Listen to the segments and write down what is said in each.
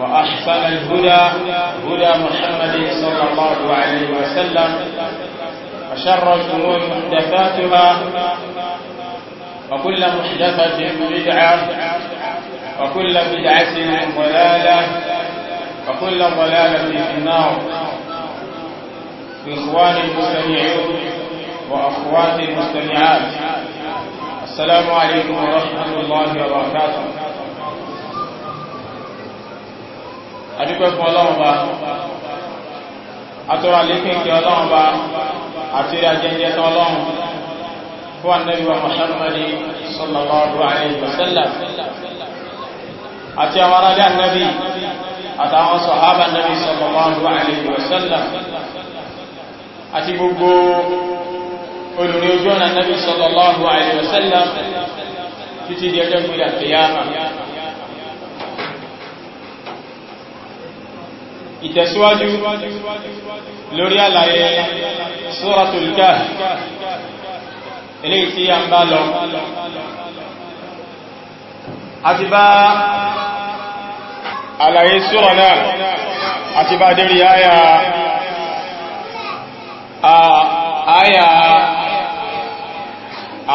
وأحسن الهدى هدى محمد صلى الله عليه وسلم وشر الأمور محدثاتها وكل محدثة بدعة وكل بدعة ضلالة وكل ضلالة في النار إخواني المستمعون وأخواتي المستمعات السلام عليكم ورحمة الله وبركاته adúpẹ́ fún ọlọ́run bá atọ́rọ àlékún kí ọlọ́run bá àti ajẹ́jẹ́ tán ọlọ́run fún Ànábì wa Muhammad sallallahu alayhi wa sallam àti àwọn arábí Ànábì àtàwọn sọ̀hábà Ànábì sallallahu alayhi wa sallam àti gbogbo olùrí ojú ọ̀nà Ànábì sallallahu alayhi wa sallam títí di ọjọ́ gbígbà kìyàmà ìtẹ̀síwájú lórí àlàyé Suratul Kahf eléyìí tí a ń bá lọ àti bá àlàyé sura náà àti bá dérí àyà àyà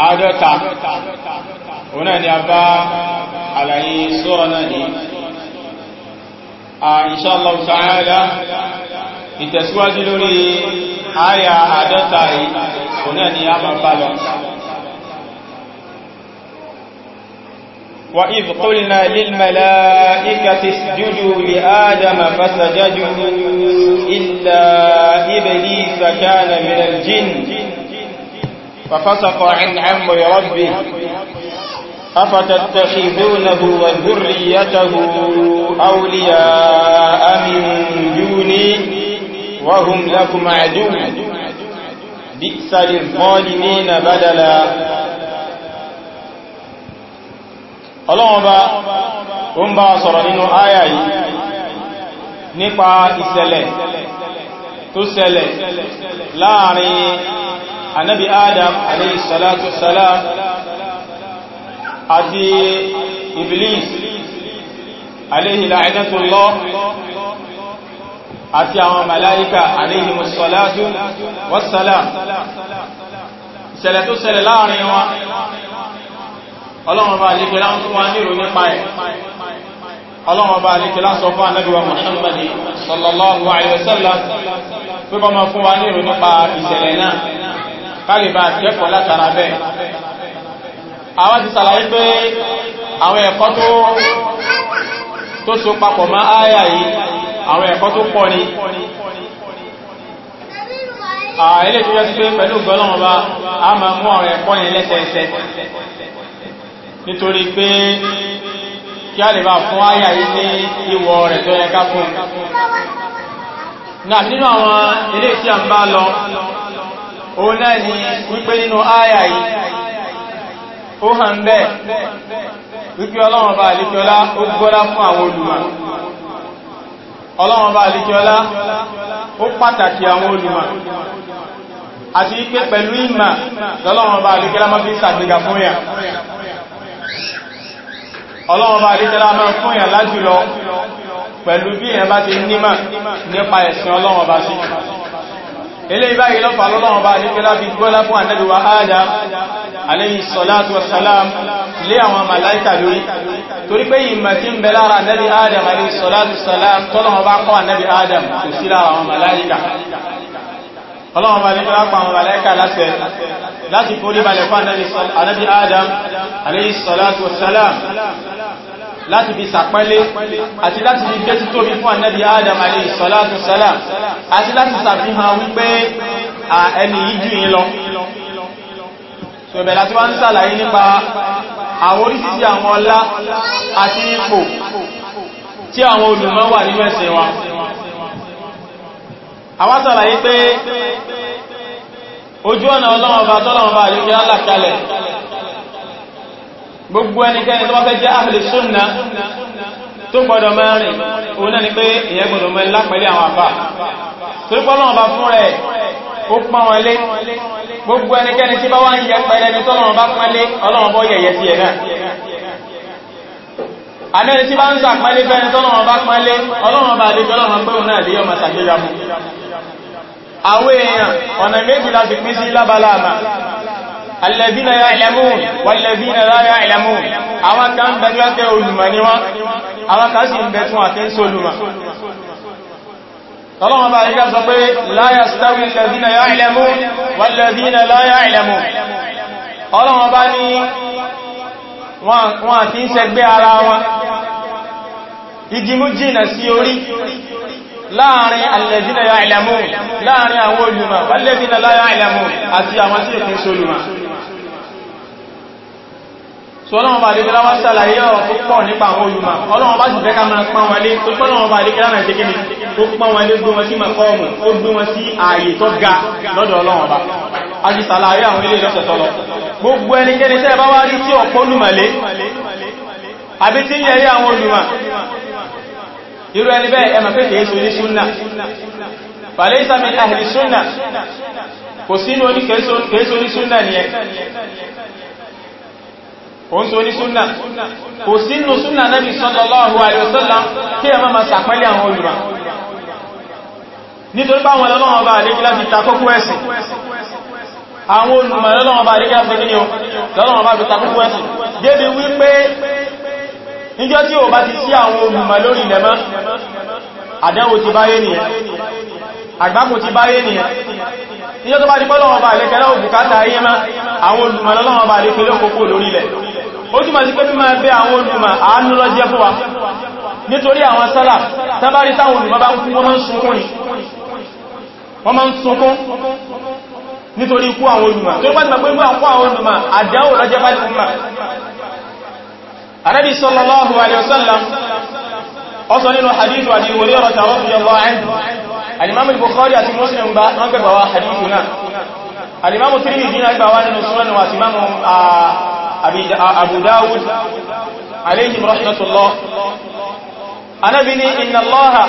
àádọ́ta òun ni a bá àlàyé sura náà آه، ان شاء الله تعالى àyà آية àádọ́ta yìí kò náà ni a وإذ قلنا للملائكة اسجدوا لآدم فسجدوا إلا إبليس كان من الجن ففسق عن عمر ربه أفتتخذونه وذريته أولياء من دوني وهم لكم عدو بئس للظالمين بدلا ọlọ́wọ́n bá ó ń bá sọ̀rọ̀ nínú àyà yìí nípa ìṣẹ̀lẹ̀ tó ṣẹlẹ̀ láàrin anábi adam alayhi salatu salam àti Iblis alayhi la'inatullah àti àwọn màláíkà alayhi musallatu wassalam ìṣẹ̀lẹ̀ tó ṣẹlẹ̀ láàrin wọn ọlọ́run bá alìkẹ́ láń fún wa nírò nípa ẹ̀ ọlọ́run bá alìkẹ́ láń sọ fún Ànábì wa Muhammadi nírò nípa ìṣẹ̀lẹ̀ náà kálìbà jẹ́kọ̀ọ́ látara bẹ́ẹ̀ àwọn ti sàlàyé pé àwọn ẹ̀kọ́ tó so papọ̀ má áyà yìí àwọn ẹ̀kọ́ tó pọ̀ ni ilé tó yẹ́ sí pé pẹ̀lú gọ́lọ́wọ́ a ma mú àwọn ẹ̀kọ́ yẹn lẹ́sẹẹsẹ nítorí pé kí a lè bá fún áyà yìí ní ìwọ̀ rẹ̀ tó yẹ ká fún náà nínú àwọn ilé tí a ń ó hàn bẹ́ wípé ọlọ́run bá àlíkíọlá ó gbọ́lá fún àwọn olùmọ̀ ọlọ́run bá àlíkíọlá ó pàtàkì àwọn olùmọ̀ àti wípé pẹ̀lú ìmà lọ́lọ́run bá àlíkíọlá máa fi sàgbéga fún yà ọlọ́run bá àlíkíọlá máa fún yà lájùlọ pẹ̀lú bí èèyàn bá ti nímà nípa ẹ̀sìn ọlọ́run bá sí ilé ìbáyé lọ́fà lọ́lọ́wọ́n bá nípẹ́lá fi gbọ́lá fún ànábì wa Adam alayhi salatu wassalam lé àwọn màláìkà lórí torí pé ìmọ̀ tí ń bẹ lára ànábì Adam alayhi salatu wassalam tọ́lọ́wọ́n bá kọ́ ànábì Adam kò sí lára àwọn màláìkà ọlọ́wọ́n bá ní pẹ́lápàá àwọn láti fi sàpẹ́lé àti láti fi gbé títóbi fún ànábì Adam alayhi salatu salam àti láti sàfihàn wípé ẹni yìí jù yín lọ ṣẹ̀bẹ̀ láti wá ń sàlàyé nípa àwọn orísìí àwọn ọlá àti ipò tí àwọn olùmọ̀ wà nínú ẹ̀sìn wa àwọn sàlàyé pé ojú ọ̀nà ọlọ́wọ̀n bá tọ́lọ̀wọ̀n bá yóò kí á làkalẹ̀ gbogbo ẹnikẹ́ni tó bá fẹ́ jẹ́ ahlu sunna tó gbọdọ̀ mẹ́rin òun náà ni pé ìyẹn gbọdọ̀ mẹ́rin lápẹ̀lẹ̀ àwọn àbá torípọ́lọ́ ọba fún rẹ̀ ó pán wọn lé gbogbo ẹnikẹ́ni tí bá wá ń yẹ pẹ̀lẹ̀ ní tọ́lọ́wọ́n bá pán lé الذين يعلمون والذين لا يعلمون àwọn kan bẹ̀rẹ̀ àti olùmọ̀ ni wọ́n àwọn kan sì ń bẹ̀ tún àti ń sọ olùmọ̀ tọ́lọ́wọ́n bá rí ká sọ pé لا يستوي الذين يعلمون والذين لا يعلمون ọlọ́wọ́n bá ní wọ́n àti ń ṣẹgbẹ́ ara wọn igi mú jìnà sí orí láàrin alẹ́dínà ya ìlàmù láàrin àwọn olùmọ̀ alẹ́dínà láyá ìlàmù àti àwọn tí ìpín solùmọ̀ so ọlọ́wọ́n bá lè gẹ́lá wá sàlàyé ọ̀rọ̀ tó pọ̀ nípa àwọn olùmọ̀ ọlọ́wọ́n bá sì fẹ́ ká máa pán wọlé tó pọ́ lọ́wọ́n bá lè gẹ́lá náà tẹ́kẹ́ ni tó pán wọlé gbé wọn sí makọ́ọ̀mù ó gbé wọn sí ààyè tó ga lọ́dọ̀ ọlọ́wọ́n bá a ti sàlàyé àwọn ilé ìlọ́sẹ̀ irú ẹni bẹ́ẹ̀ ẹmà pé kìí sóní súnnà fàlẹ́sà min ahli súnnà kò sínú oní kìí sóní súnnà nìyẹn òun tó ní súnnà kò sínú súnnà Nabi sallallahu alaihi wasallam kí ẹmà ma sàpẹ́lẹ̀ àwọn olùrà nítorí báwọn ọlọ́wọ́n bá àdékí láti takókú ẹ̀sìn àwọn olùmọ̀ bá àdékí níjọ́ tí ó bá ti sí àwọn olùmọ̀ lórí ilẹ̀ mọ́ àdánwò ti báyé nìyẹn àgbákò ti báyé nìyẹn níjọ́ tó bá di pọ́lọ́wọ́ bá lẹ́kẹ́ lọ́wọ́ bùkátà ayé má àwọn olùmọ̀ lọ́wọ́ bá lẹ́kẹ́ lọ́kọ́kọ́ lórí ilẹ̀ ó túnmọ̀ sí pé mímọ̀ ẹgbẹ́ àwọn olùmọ̀ àánú lọ jẹ́ fún wa nítorí àwọn sálà tábárí táwọn olùmọ̀ anábi sallallahu alayhi wasallam ó sọ nínú hadithu àti ìwòrí ọ̀rọ̀ tàwọn fi yọ̀lọ́ ẹ̀ alimami bukhari àti muslim bá wọ́n gbẹ̀gbà wá hadithu náà alimami tirmidhi náà gbà wá nínú sunanu àti imamu abu dawud alayhim rahmatullah anábi ni inna allaha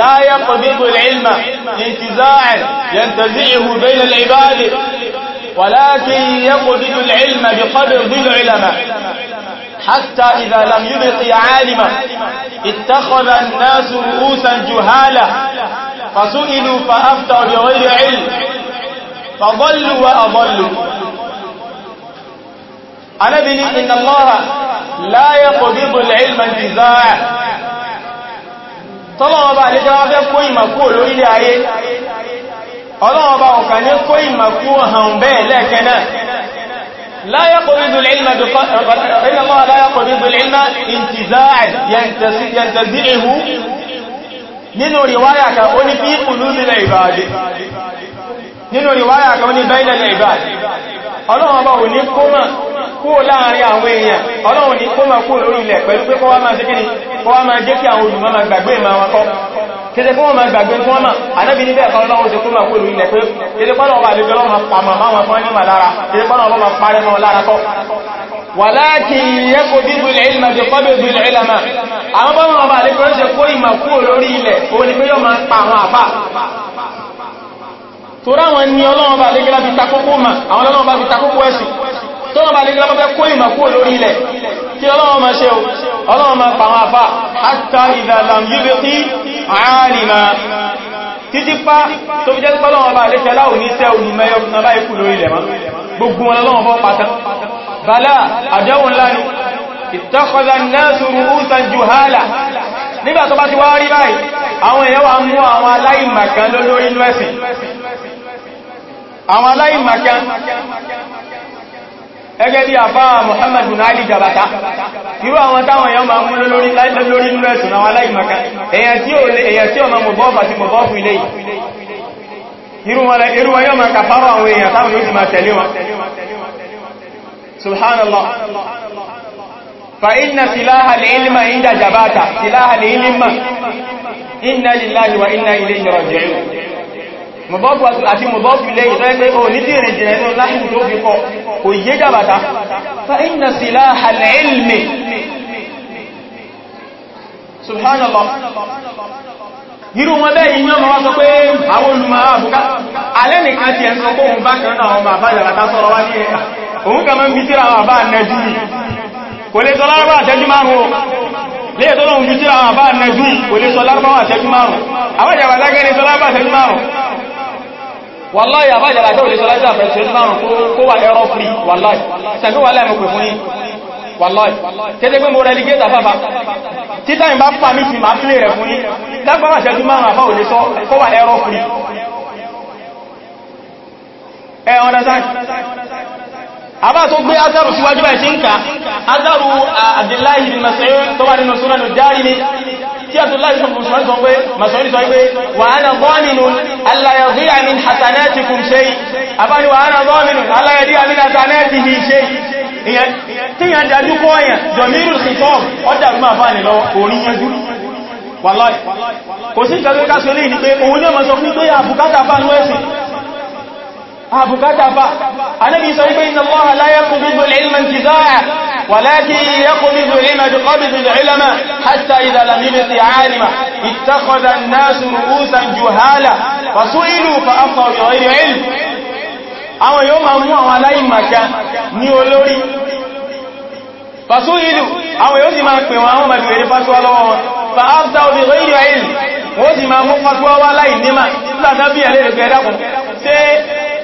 la yaqbidu al-ilma intiza'an yantazi'uhu bayna al-ibadi ولكن يقبض العلم بقدر ذي العلماء حتى إذا لم يبقي عالما اتخذ الناس رؤوسا جهالا فسئلوا فأفتوا بغير علم فضلوا وأضلوا أنا بني إن الله لا يقبض العلم انتزاعا طلب بعد رافق قيمة قولوا عليه ọlọ́ọ̀bá ọ̀kà ní kó ìmàkú hàn bẹ́ẹ̀ lẹ́ẹ̀kẹ́ náà nínú riwaya kan ní bẹ́ẹ̀lẹ̀ ìbáadé ọlọ́ọ̀bá ò ní kó mọ̀ kúrò láàrin àwọn èèyàn ọlọ́run ní kó mọ̀ kúrò lórí ilẹ̀ pẹ̀lú pé máa jẹ́ kí àwọn olùmọ́ máa gbàgbé ìmọ̀ àwọn kọ́ kéde kí wọ́n máa gbàgbé tí wọ́n máa anábi ní bẹ́ẹ̀ kọ́lọ́ lọ́wọ́ ìṣẹ́kú máa kó lórí ilẹ̀ pé kéde kọ́lọ́ ọba àlejò lọ́wọ́ máa pàmà máwọn fún ẹni màlára kéde kọ́lọ́ ọba máa parẹ́ mọ́ lára kọ́ wà láti yẹ́kò bíbu ilẹ̀ ilẹ̀ bí kọ́ bíbu ilẹ̀ ilẹ̀ máa àwọn bọ́ wọn ọba àlejò ṣe kó ìmà kú lórí ilẹ̀ ó ní pé yóò máa pa àwọn àfà torí àwọn ẹni ọlọ́wọ́ ọba àlejò láti takókó mà àwọn ọlọ́wọ́ ọba fi takókó ẹ̀sìn tọ́wọ́ bá nígbà mọ́fẹ́ kó ìmọ̀ kúrò lórí ilẹ̀ tí ọlọ́wọ́ ma ṣe ọlọ́wọ́ ma pàwọn àfá hatta idha lam yubqi alima títí pá tó fi jẹ́ pọ́lọ́wọ́ bá lẹ́fẹ́ láò ní tẹ́ òní mẹ́yọ nàbá ikú lórí ilẹ̀ ma gbogbo wọn lọ́wọ́ bọ́ pátá bàlá àjẹ́wò ńlá ni ittakhadha àwọn èèyàn ẹgẹ́ bí àbá Muhammad bin Ali Jabata irú àwọn táwọn èèyàn máa mú lórí lórí nínú ẹ̀sùn àwọn aláìmọ̀ká èèyàn tí ọmọ mọ̀bọ́ọ̀fà ti mọ̀bọ́ọ̀fù ilé irú wọn yóò máa kàfàrọ àwọn èèyàn táwọn yóò ti máa tẹ̀lé wọn subhanallah fa inna silaha al-ilma inda Jabata silaha al-ilma inna lillahi wa inna ilayhi raji'un mọ̀bọ́fù àti mọ̀bọ́fù lẹ́yìn tó ẹgbẹ́ o ní tí èrè jẹ́ ẹ̀nà láìmù tó fi kọ kò yé jàbàtà fa inna silaha al-ilmi subhanallah irú wọn bẹ́ẹ̀ iná àwọn kan àbá jàbàtà kò lè sọ márùn-ún àwọn wàláì àbájára ṣe òlè sọ́lájà fẹ̀sẹ̀ márùn kó wà ẹ̀rọ free wàláì ṣẹ̀fẹ́ wàláì mọ̀ pè fún yín wàláì tẹ́tẹ́ pé mo rẹ̀ ligé tàfàfà títà ìbá pà mí fi máa plé rẹ̀ fún yín lágbára ṣẹ́jú márùn àbá òlè sọ kó wà ẹ̀rọ free ẹ understand àbá tó gbé azaru síwájú tí Abdullahi sọ Mùsùlùmí sọ pé Mas'ud sọ pé wa ana dhaminun alla yadhi'a min hasanatikum shay àbáni wa ana dhaminun alla yadhi'a min hasanatihi shay ìyẹn tí yẹn dájú kọ́ yẹn jọmírù sí tọ́ ọjà rúmà bá nílọ orí yẹn dúró wàláì kò sí ìkàgbé kásọ̀ ní pé òun ní ọmọ sọ fún tó yà bá nú àbùkátà fa anábi sọ wípé iná mọ́ aláyẹ́kùn bíbò ilmọ̀ ti záà wà láti yẹ́kùn bíbò ilmọ̀ ti kọ́bí ti ilmọ̀ hátà ìdàlàmílẹ̀ ti àárìmà ìtàkọ̀dà náà sùrù úsàn juhálà wàsú ìlú fa afọ̀rọ̀ ilm àwọn fàṣú ìlú àwọn yóò sì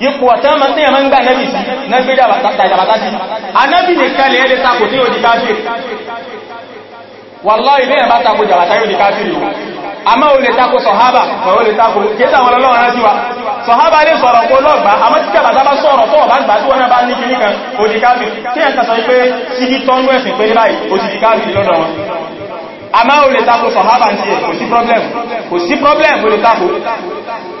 ipò ọ̀tán ma tí ẹ̀mọ́ ń gbà nẹ́bì sí nẹ́gbẹ́ ìdàbàtà sí anẹ́bì nìkan lè ẹ́lẹ́ takò tí ó di káfíìrì wàláhì ilé ẹ̀bá takò jàbàtà yóò di káfíìrì àmọ́ o lè takò sọ̀hábà wọ́n lè takò kéta wọn lọ́wọ́ rántí wa sọ̀hábà lè sọ̀rọ̀ kó lọ́gbà àmọ́ tí jàbàtà bá sọ̀rọ̀ tó ọ̀bá gbà tí wọ́n bá ní kìí kan ó di káfíìrì tí ẹ̀ka sọ pé síbi tọ́nú ẹ̀sìn pé ní báyìí ó ti di káfíìrì lọ́dọ̀ wọn àmọ́ o lè takò sọ̀hábà ní ẹ̀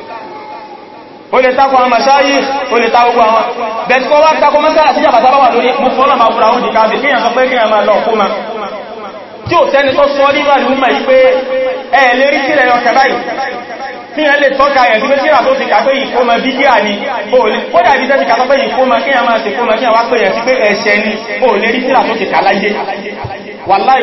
ó lè takọ àwọn masáyí ó lè takọ àwọn bẹ̀tíkọ́ wá takọ mọ́sára sí jàbàtà bá wà lórí mú fọ́nà ma wùra oúnjẹ káàbì kíyàn sọ pé kíyàn máa lọ kó ma tí ó tẹ́ni tó sọ nínú àdúgbà yí pé ẹ lè rí sílẹ̀ ọkà báyìí tí ẹ lè tọ́ka ẹ̀ tí mẹ́sílà tó ti kà pé ìkó ma bí díà ni ó dàbí tẹ́ ti kà pé ìkó ma kíyàn máa sì kó ma kíyàn wá pé ẹ̀ sí pé ẹ̀ṣẹ̀ ni ó lè rí sílà tó ti kà láyé wàláì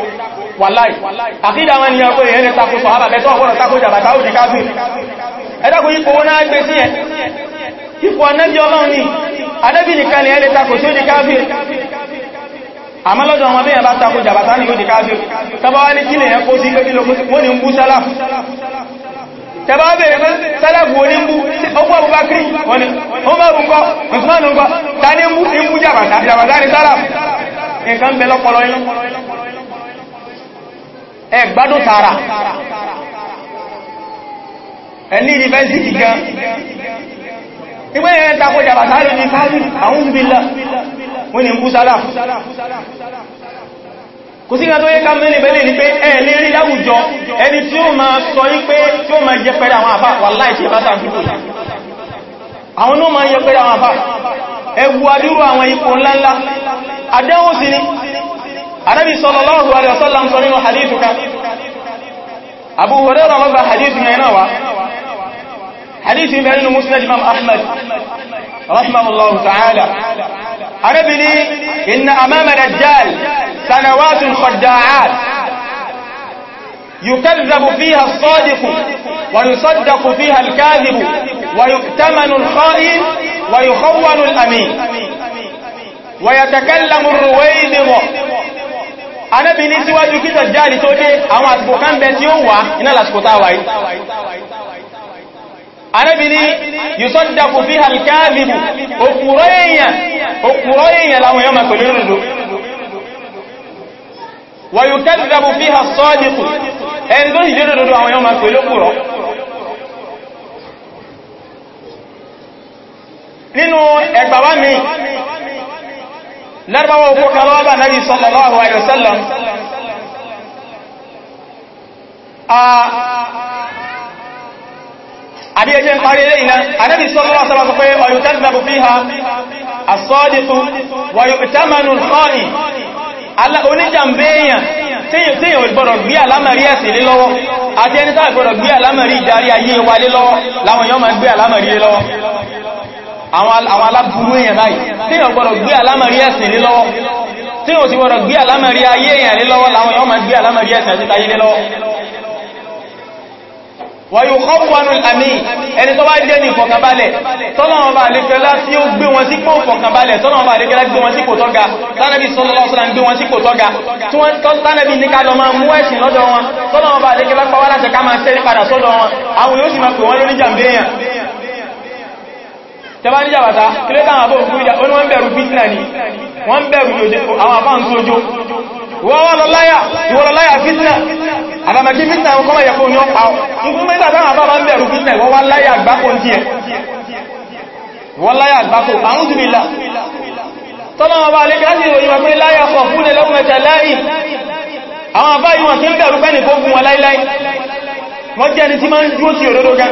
wàláì àkídà wọn ni ọkọ̀ èyẹ́ lè takò sọ̀hábà bẹ́tọ́ ọ̀pọ̀lọ̀ takò jàbàtà ó di káfí ẹ̀dàkùn ipò wọn náà gbé sí ẹ̀ ipò anẹ́bí ọlọ́run ni anẹ́bí nìkan lè takò sí ó di káfí àmọ́ lọ́dọ̀ ọmọ bí ẹ̀bá takò jàbàtà ní ó di káfí tọba wá ní kílẹ̀ ẹ̀kọ́ sí pé kílò wọ́n ni ń bú sálà tẹba bèèrè pé sálàfù orí ń bú ọgbọ́ Abubakar wọ́n ni ó mọ́rún kọ́ Usman ń kọ́ ta ní ń bú jàbàtà ní sálàfù nǹkan bẹ̀lọ́pọ̀lọ́ inú ẹ gbádùn tààrà ẹni yunifásitì gan ìwé ẹ̀rẹ́ tako jàbàtà lè ní káàrí àwọn ìbílá wọ́n ni ń kú sálà kò sí ìrìnàtò yẹ́ká mẹ́rin bẹ́lẹ̀ ní pé ẹ lè rí láwùjọ ẹni tí ó ma sọ yí pé tí ó ma jẹ pẹ́rẹ àwọn àbá wà láìsí ìbásà fífò àwọn náà ma jẹ pẹ́rẹ àwọn àbá ẹwù adúrú àwọn ipò ńláńlá adẹ́wò sí ni anábì sallallahu alaihi wasallam sọ nínú hadithu kan abu hurairah ló gba hadithu yẹn náà wá hadithu yẹn nínú musnad imam ahmad rahimahullahu ta'ala anábì ní inna amama dajjal sanawatun khadda'at يكذب فيها الصادق ويصدق فيها الكاذب ويؤتمن الخائن ويخون الأمين ويتكلم الرويبض Ànábì ní síwájú kí Dajjal tó dé àwọn àsìkò kan bẹ tí ó wà iná lásìkò táwà yìí Ànábì ní yusaddaqu fiha al-kadhibu òkúrọ́ èèyàn òkúrọ́ èèyàn láwọn yọ́mà pẹ̀lú rúrù wa yukadhdhabu fiha as-sadiqu ẹni tó sì lárúbáwọ̀ òkú kalọ́ọ̀bà náà sallallahu alaihi wasallam àbí ẹjẹ́ ń parí ilé iná anábi sallallahu alaihi wasallam pé ọ̀yọ̀tẹ́lẹ̀bù fiha as-sadiqu wa yu'tamanu al-khani oníjàmbéèyàn tíyàn gbọ́dọ̀ gbé àlámàrí ẹ̀sìn lé lọ́wọ́ àti ẹni tàà gbọ́dọ̀ gbé àlámàrí ìdarí ayé àwọn aláburú èèyàn láì tí yàn gbọ́dọ̀ gbé alámàrí ẹ̀sìn lé lọ́wọ́ tí yàn sì gbọ́dọ̀ gbé alámàrí ayé èèyàn lé lọ́wọ́ láwọn yàn máa gbé alámàrí ẹ̀sìn àti tayé lé lọ́wọ́ wàyí ọkọ̀wọ̀nù àmì ẹni tó bá jẹ́ ní ìfọ̀kànbalẹ̀ tọ́lọ́wọ́n bá lè fẹ́lá tí ó gbé wọn sípò ìfọ̀kànbalẹ̀ tọ́lọ́wọ́n bá lè fẹ́lá gbé wọn sípò tọ́ga tánàbí sọ́lọ́lọ́sọ́lá gbé wọn sípò tọ́ga tánàbí ní kálọ máa mú ẹ̀sìn lọ́dọ̀ wọn tọ́lọ́wọ́n bá lè fẹ́lá pàwọ́lá tẹba ní jàbàtà kílé táwọn àbò òkú ìjà oní wọ́n bẹ̀rù fìtínà ni wọ́n bẹ̀rù àwọn àfáà ń sójó wọ́n lọ láyà ìwọ̀lọ láyà fìtínà àbàmàkí fìtínà ń kọ́mọ̀ yẹ̀kọ́ ní ọpa ọkùn mẹ́ta táwọn àbá bá ń bẹ̀rù fìtínà wọ́n wá láyà àgbákò ń tiẹ̀ wọ́n láyà àgbákò àwọn òdùbìlà tọ́lọ́wọ́ jẹ́ ni tí máa ń dúó sí òdodo gan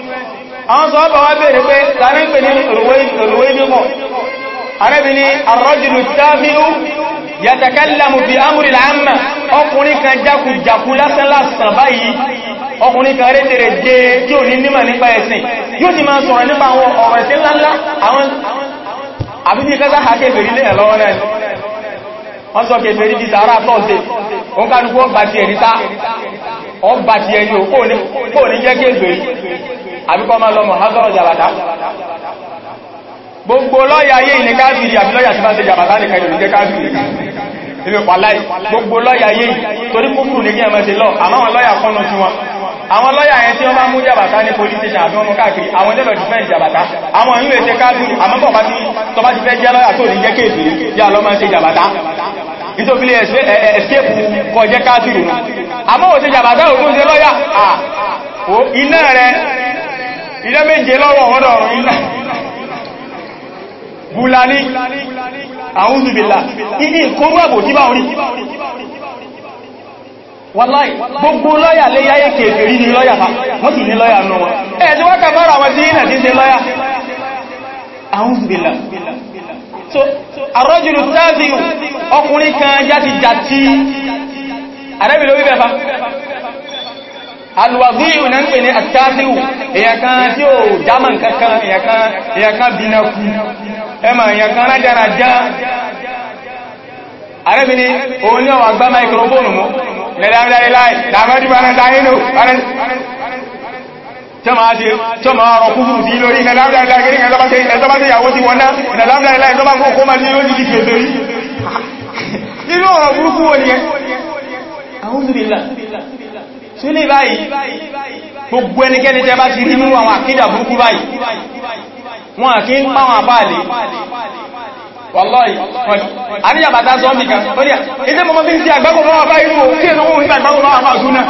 àwọn sọ́ọ́bà wá bèèrè pé tàbí pè ní òrùwé mímọ̀ arẹ́bì ni arọ́jùlù tábíú yàtàkálàmù fi amúrìlà àmà ọkùnrin kan jákùjákù lásánlásán báyìí ọkùnrin kan rétèrè jẹ tí ò ní nímọ̀ nípa ẹ̀sìn wọ́n sọ kẹfèrí di sàárà tọ́ọ̀sẹ̀ òun kálukú ọgbà ti ẹ̀rí sá òkú òní jẹ́ kẹfèrí àbíkọ́ máa lọ mọ̀hásọ́rọ̀ jàbàtà gbogbo lọ́yà ayé ilẹ̀ káàkiri àbí lọ́yà tí bá ṣe jàbàtà nìkan ìlú jẹ́ káàkiri ibi pàláì gbogbo lọ́yà ayé torí kúkúrù ní kí ẹmẹ́sẹ̀ lọ àmáwọn lọ́yà kọ́nà tí wọn àwọn lọ́yà yẹn tí wọ́n bá mú jàbàtà ní politician àbí wọn mú káàkiri àwọn jẹ́lọ ti fẹ́ jàbàtà àwọn ìlú èsẹ káàkiri àmọ́bọ̀ bá ti tọba ti fẹ́ jẹ́ lọ́yà tó ní jẹ́ kéèkì yà lọ máa ṣe jàbàtà nítorí escape kọjẹ́ káàkiri àmọ́ òṣè jàbàtà òkú ṣe lọ́yà iná rẹ̀ ìjẹ́ méje lọ́wọ́ ọ̀dọ̀ ìlà gúlání àúzùbìlà ibi ìkóngbàgbò tí bá orí wàláì gbogbo lọ́yà lé yáyé kèfè rí ní lọ́yà wọ́n sì ní lọ́yà wọ́n so àrọ́jùlù alùwàzí ìwọ̀n ń pè ní àtàtíwù èyàkan tí ó dámàn kankan èyàkan binaku ẹmà èyàkan rájára já arẹ́bìnrin òun yọ àgbá maikrofóònù mú lẹ́dáwẹ́dáwẹ́ láì lámọ́dúbà náà dáyínú tọ́mà ọ̀rọ̀ kúrù sí lórí ìrẹ́láwẹ́dáwẹ́ sílé báyìí gbogbo ẹnikẹ́ni tẹ́ bá ti rí nínú àwọn àkídà burúkú báyìí wọn àkí ń pàwọn àbáàlè wọ́lọ́yìí àríyàbàtà zọ́mbì kan ó ní ẹ̀sẹ́ mọ́mọ́ bí i sí àgbẹ́kùn mọ́wàá báyìí mú kí ẹ̀sùn òun ìgbà àgbẹ́kùn mọ́wàá máa súnà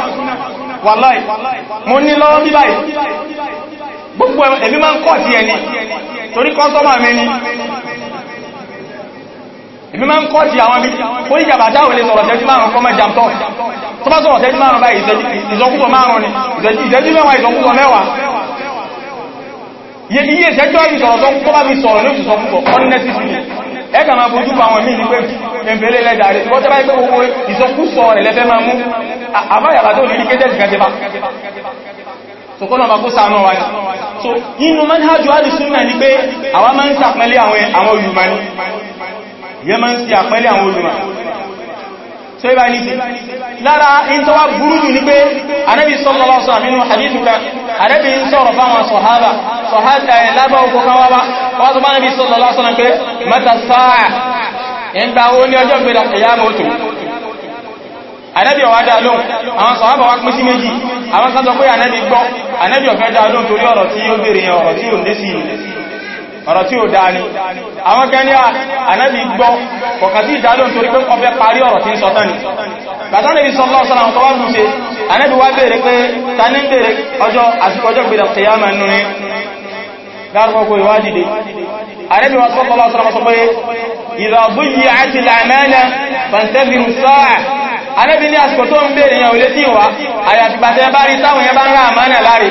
wọ́lọ́yìí mo ní lọ́wọ́ bí báyìí gbogbo ẹ̀mí máa ń kọ̀ sí ẹni torí kọ́sọ́mà mi ni èmi máa ń kọ́ sí àwọn ibi ó ní jàbàtà sọ̀rọ̀ tẹ́jú márùn-ún kọ́mọ̀ jàmtọ́ tó bá sọ̀rọ̀ tẹ́jú márùn báyìí ìsọkúsọ márùn ni ìṣẹ́jú mẹ́wàá ìsọkúsọ mẹ́wàá iye ìṣẹ́jú ìsọ̀rọ̀ tó bá fi sọ̀rọ̀ lóṣù sọkúsọ unnecessary ẹgbà máa bójú pa àwọn míì ní pé ẹ̀mẹ́lẹ́ lẹ́dà rẹ̀ wọ́n tẹ́bá ipé gbogbo ìsọkúsọ rẹ̀ lẹ́fẹ́ máa mú àbáyàbá tó ní kéjẹ́ ìgbàjẹba sọ̀kọ́nà bá kó sàánà wa so inú manhajjú alìsúnnà ní pé àwa máa ń sàpẹ́lẹ̀ àwọn olùmọ̀ ni yẹ máa ń so ibá ní sí lára in tó wá burúkú ní pé Ànábì sallallahu alaihi wasallam nínú hadithu ka Ànábì ń sọ̀rọ̀ fáwọn sọ̀hábà sọ̀hábà ẹ̀ eh, lábá òkú kan wá bá wọ́n tó bá Ànábì sallallahu alaihi wasallam pé mata sáà ẹgbà ó ní ọjọ́ ìgbèrà ìyámọ̀ òtò Ànábì ọ̀wá dá lóhùn àwọn sọ̀hábà wá pín sí méjì àwọn sáàtọ̀ pé Ànábì gbọ́ Ànábì ọ̀fẹ́ dá lóhùn torí ọ̀rọ̀ tí ó bèèrè ọ̀rọ̀ tí ó lé sí ọ̀rọ̀ tí ó dáa ni àwọn kan ní ànábì gbọ́ kọ̀kàn tí ìdádùn torí pé ọfẹ́ parí ọ̀rọ̀ tí ń sọ tán ni bàtánàbí sọ́lọ́ sọ́nà àwọn tó wá lù ṣe ànábì wá bèèrè pé ta ní bèèrè ọjọ́ àsìkò ọjọ́ gbèdà kìyàmà sọ pé ìrọ̀bùyì ní àsìkò tó ń bèèrè yẹn ò lé tí wá àyàfìgbàtẹ́ bá rí táwọn yẹn bá ń rá àmánà láre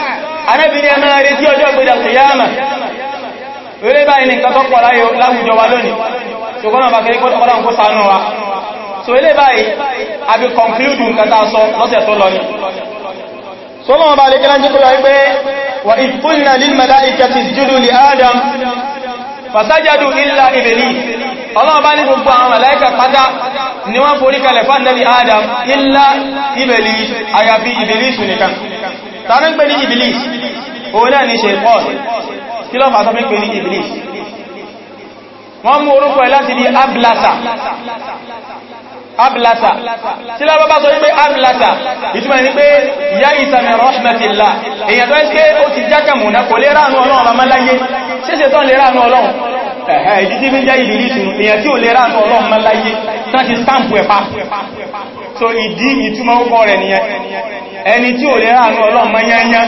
arábìnrin ẹmọ rẹ̀ tí ọjọ́ ìgbèdà kìyàmà rẹ̀ báyìí ní nǹkan tó pọ̀ láyé láwùjọ wa lónìí ṣùgbọ́n ọba fẹ́ kọ́dá ń kó sánú wa so ilé báyìí a bí conclude nǹkan tá sọ lọ́sẹ̀ tó lọ ní so lọ́wọ́ bá lè kí láńjí kúrò wípé wà ìfúnnà lil malaikati isjudu li adam fasajadu illa iblis ọlọ́wọ́ bá ní gbogbo àwọn màláìkà pátá ni wọ́n forí kalẹ̀ fún adam illa iblis àyàfi iblis nìkan tàbí pè ní Iblis òun náà ní ṣe paul kí ló fà tó fi pè ní Iblis wọ́n mú orúkọ láti bí ablasa ablasa tí lábá bá sọ wípé ablasa ìtumọ̀ ní pé ya ìsàmì rọ́ṣmẹ́tìlá èyàn tó ẹ́sẹ́ ó ti jákàmù náà kò lè ránú ọlọ́run ọmọ láyé ṣíṣẹ́ tán lè ránú ọlọ́run ẹ̀hẹ́ ìdí tí fi ń jẹ́ ìdìrísù èyàn tí ò lè ránú ọlọ́run ọmọ láyé tán ti stamp ẹ̀pá so ìdí ìtumọ̀ orúkọ rẹ̀ nìyẹn ẹni tí ò lè ráàánú ọlọ́run mọ́yányán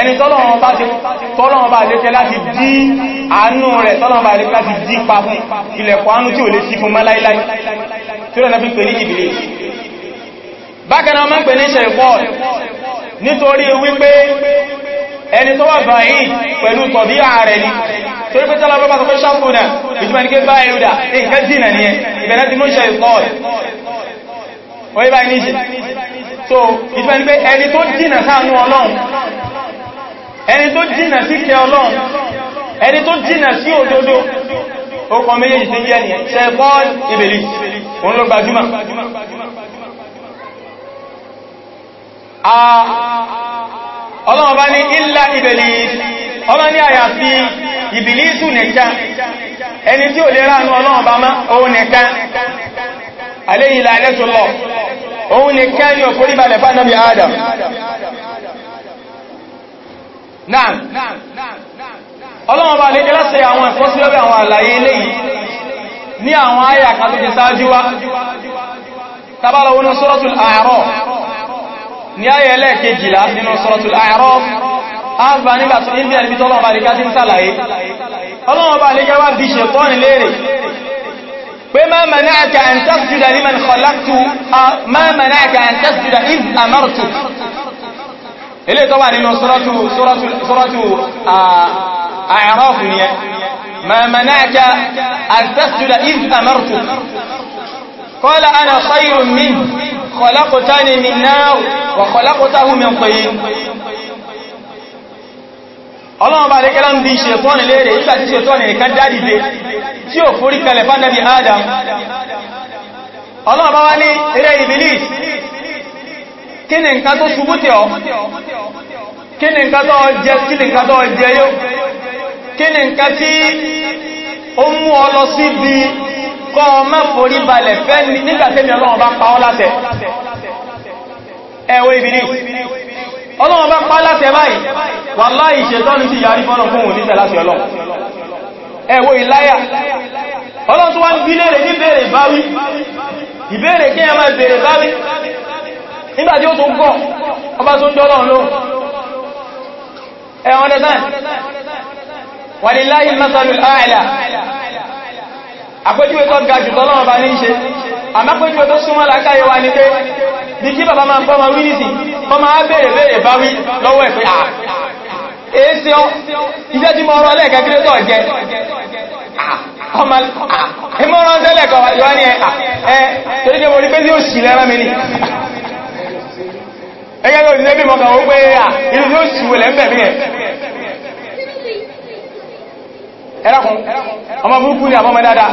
ẹni tọ́lọ́run bá lékẹ́ láti dí àánú rẹ̀ tọ́lọ́run bá lékẹ́ láti dí pa fún ilẹ̀kùn àánú tí ò lè sí fún mọ́ láíláí tí ó lẹ́nà fi pè ní ìbìlì bákan náà máa ń pè ní ṣẹ̀pọ̀ nítorí wípé ẹni tó wà báyìí pẹ̀lú tọ̀bí ààrẹ ni tó rí pé tọ́lá bá bá sọ pé ṣàkúnà ìjúmọ̀ ní pé bá ìrúdà ní ìkẹ́ jìnà ní ẹ ìbẹ̀rẹ̀ tí mú ṣe ìkọ́ ẹ̀ so ìtumẹ̀ ní pé ẹni tó jìnà sáànú ọlọ́run ẹni tó jìnà sí kẹ ọlọ́run ẹni tó jìnà sí òdodo okọ̀ méjèèjì tí yẹ́ nìyẹn ṣe pọ́ ìbèlì òun ló gbajúmọ̀ ọlọ́run bá ní ilá ìbèlì ọmọ ní àyàfi ìbìlísù nìkan ẹni tí ò lè ránú ọlọ́run bá má òun nìkan àléyìnlá ẹlẹ́sùn lọ òun ni kẹ́ni ò forí balẹ̀ fún ànábì Adam náà ọlọ́wọ́n bá lè jẹ́ láti àwọn ìfọ́sílẹ́bẹ̀ àwọn àlàyé eléyìí ní àwọn àyà kan tó ti sáájú wá tàbára wọnú suratul A'raf ní àyà ẹlẹ́ẹ̀kejìlá nínú suratul A'raf ààbà nígbà tí ìbí ẹ̀lẹ́bí tọ́lọ́wọ́n pé ma mana'aka an tasjuda liman khalaqtu ma mana'aka an tasjuda iz amartu ilé tó wà nínú suratu A'raf ni ẹ ma mana'aka an tasjuda iz amartu qala ana khayrun min khalaqtani min nar wa khalaqtahu min ọlọ́run bá lékẹ́lá ń bí ṣètọ́nì léèrè nígbà tí ṣètọ́nì nìkan jádìde tí ò forí kalẹ̀ fánàbí adam ọlọ́run bá wá ní eré ibilis kí ni nǹkan tó ṣubú tí ọ kí ni nǹkan tó jẹ kí ni nǹkan tó jẹ yóò kí ni nǹkan tí ó mú ọ lọ sí bí kọ́ ọmọ forí balẹ̀ fẹ́ nígbà tẹ́mi ọlọ́run bá pa ọ́ látẹ̀ ẹ̀wọ́ ibilis ọlọ́wọ́n bá pá láti ẹbáyìí wà láì ṣètọ́nù sí yàrí fọ́nà fún òní tẹ́láti ọlọ́run ẹ̀wọ́ ìláyà ọlọ́run tó wá ń bílẹ̀rẹ̀ ní bèèrè báwí ìbéèrè kí ẹmà bèèrè báwí nígbàtí ó tó gọ́ ọba tó ń dọ́lọ́run ló ẹ̀wọ́n dẹ́sán wà ní láyé mẹ́sàlù bí kí bàbá máa fọ́mà wí nìsí fọ́mà á bèèrè bèèrè bá wí lọ́wọ́ ẹ̀ pé à èéṣe ọ́ iṣẹ́ tí mo rọ lẹ́ẹ̀kẹ́ kí ló tọ̀ jẹ ẹmọ́ rán tẹ́lẹ̀ kọ yọ ní ẹ torí pé mo rí pé tí ó sì lẹ́rọ mi ní ẹgbẹ́ tó ìdílé bí mọ́ kàn ó pé à ìlú ló sì wẹ̀lẹ̀ ń bẹ̀ mí ẹ̀ ẹ̀rọ̀kùn ọmọ burúkú ni àbọ́mọ dáadáa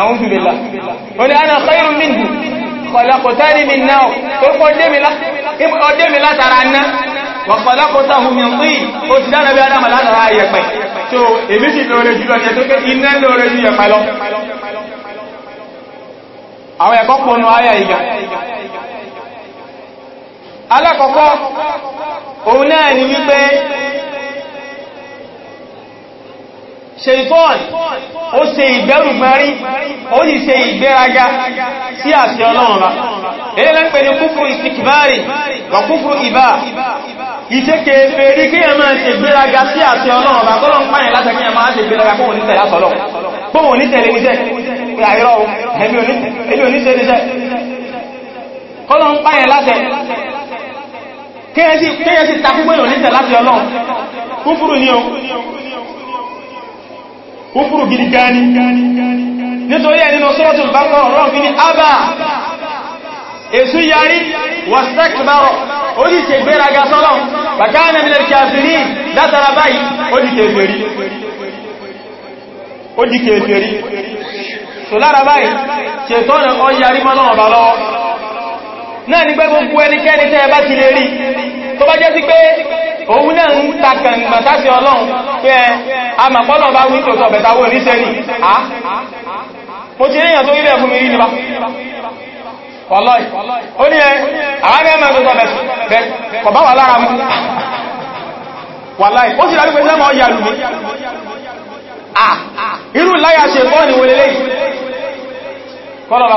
a'udhu billah ó ní ana khayrun minhu khalaqtani min nar tó kọ́ dé mi látara ná wàkọ̀lákọ̀tà omi ọ̀pín ó ti dára bí adama látara ayẹ̀pẹ̀ so èmi sì lóore jùlọ ní ẹ̀tọ́ pé iná lóore jù yẹ̀pẹ̀ lọ àwọn ẹ̀kọ́ pọnú ayà ṣètọ́n ó ṣe ìgbẹ́rùgbẹ́rí ó sì ṣe ìgbéraga sí àṣẹ ọlọ́run bá ẹlẹ́lẹ́ pẹ̀lú kúfùrù ìsìkìbárì wà kúfùrù ìbá ìṣẹ́kẹ̀ fèrí kí ẹmà ṣe ìgbéraga sí àṣẹ ọlọ́run bá kọ́lọ̀ pààyàn láti kí ẹmà ṣe ìgbéraga fún onítẹ̀lẹ́ àtọ́lọ̀ fún onítẹ̀lẹ́ iṣẹ́ àìrọ̀ ẹ̀mí onítẹ̀lẹ́ iṣẹ́ kọ́lọ̀ pààyàn láti kéyẹ sí takúgbẹ́yàn onítẹ̀ láti ọlọ́run kúfùrù ni o kúfùrù gidi gani nítorí ẹ̀ nínú suratul Baqara ọ̀rọ̀ fi ní àbà èsù yarí wastakbara ó sì ṣe gbéraga sọ́lọ̀ bàkánà minal kafirin látara báyìí ó di kèfèrí ó di kèfèrí tó lára báyìí ṣètọ́nà ọ yarí mọ́lọ́wọ̀ tó bá jẹ́ sí pé òun náà ń ọlọ́run pé a mà pọ́lọ̀ bá wí tó sọ̀bẹ̀ta wọ́n ní sẹ́ni à mo ti ríyàn tó ilẹ̀ fún mi rí nípa ọlọ́ì irú ṣe bọ́ ni wọlé lẹ́yìn kọ́lọ̀ bá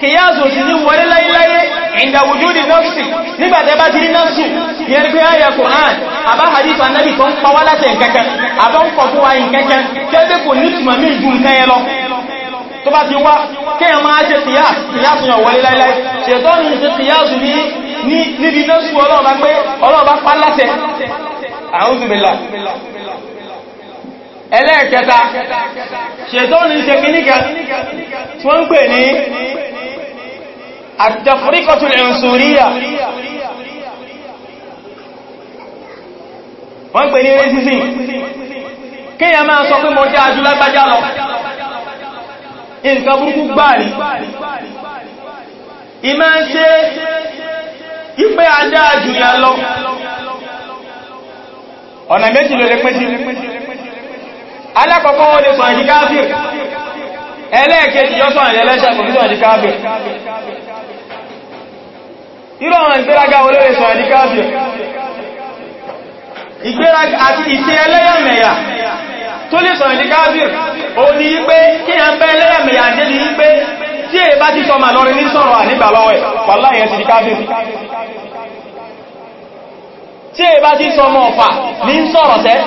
kìyàsù sí ní wọlé láyíláyé ìdàwùjú di nọ́fsì nígbàtẹ́ bá ti rí nọ́fsù yẹn pé àyà Kùránì àbá annabi tó ń pa wá láti ẹ̀kẹ́kẹ́ àbá wa ìkẹ́kẹ́ tẹ́bẹ́ kò ní túnmà mí ju nǹkan yẹn lọ tó bá ti wá kéèyàn máa ṣe kìyàsù yàn wọlé láyíláyé ṣètọ́ ní ṣe kìyàsù níbi nọ́fsù ẹlẹ́ẹ̀kẹta ṣètọ́nù ṣe kìníkà tí wọ́n ń pè ní àtẹ̀fúríkọtù ẹ̀rùsùríyà wọ́n ń pè ní rẹ́sìsì kí ya máa sọ pé mo jẹ́ ajú lọ nǹkan burúkú gbáàrí ìmá ń ṣe ipé adájú ya lọ ọ̀nà méjì lórí pẹ́sí alákọ̀ọ́kọ́ wọ́n lè sọ àti káàfì ẹlẹ́ẹ̀kejì yọ́sọ̀ ẹlẹ́ṣà kò sọ irọ́ àwọn ìgbéraga wọ́n sọ àti ìgbéraga àti ìṣe ẹlẹ́yàmẹ̀yà tó lè sọ àti káàfì ní wípé kí a ń bẹ́ ẹlẹ́yàmẹ̀yà tí èyí bá ti sọ ọ̀fà ní sọ̀rọ̀ tẹ́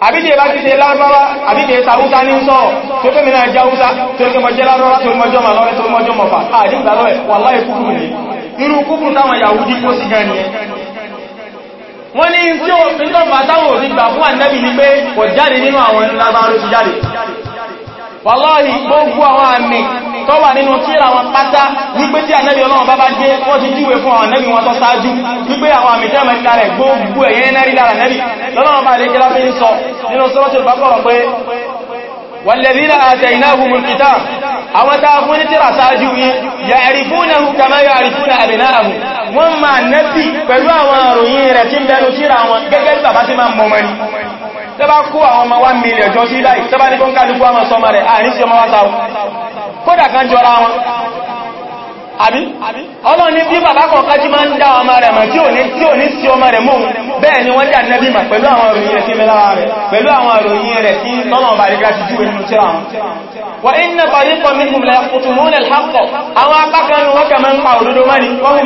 àbíkì ìbá ti ṣe lárúbáwá àbíkì ìta húsá ní sọ́ọ̀ tó fẹ́ mìíràn jẹ́ húsá tó rí mọ̀jẹ́ lárúbáwá tó rí mọ̀jọ́ mà lọ́rẹ́ tó rí mọ̀jọ́ mọ̀fà àdígbà lọ́ẹ̀ wà láì kúrù ní irú kúrù táwọn yàwó jí kó sí gan ni wọ́n ní tí ó fi tọ́ bá táwọn òfin gbà fún ànẹ́bì ní pé kò jáde nínú àwọn lárúbáwá ló ti jáde wàláhì gbogbo àwọn àmì tó wà nínú tíra wọn pátá wípé tí ànẹ́bí ọlọ́run bá bá dé wọ́n ti jíwe fún àwọn ànẹ́bí wọn tó sáájú wípé àwọn àmì tẹ́ mẹ́ta rẹ̀ gbogbo ẹ̀yẹ́ náà rí lára ànẹ́bí lọ́lọ́run bá lè jẹ́ láfẹ́ ń sọ nínú sọ́rọ́tì والذين آتيناهم الكتاب أو تأخون ترساجوا يعرفونه كما يعرفون أبناءهم وما النبي فلوا وارين رتم بنتيرا وقال سباتما ممني tẹba kó àwọn ọmọ wá mílì ẹ̀jọ́ sí láì tẹba ní kó ń kálùkú àwọn sọmọ rẹ̀ àrísí ọmọ wátàwó kódà kan jọra wọn àbí ọlọ́run ní bí bàbá kọ̀ọ̀kan jí máa ń dá ọmọ rẹ̀ mọ̀ tí ò ní tí ò ní sí ọmọ rẹ̀ mọ́ bẹ́ẹ̀ ni wọ́n dà nẹ́bí mà pẹ̀lú àwọn ìròyìn rẹ̀ sí mẹ́lára rẹ̀ pẹ̀lú àwọn ìròyìn rẹ̀ sí tọ́nà ọba àríkà ti júwe nínú tíra wọn wà iná bàyí kan ní ìmùlẹ̀ òtùmún ẹ̀ lápọ̀ àwọn apákan ní wọ́n pé ah, á ní pẹ̀lú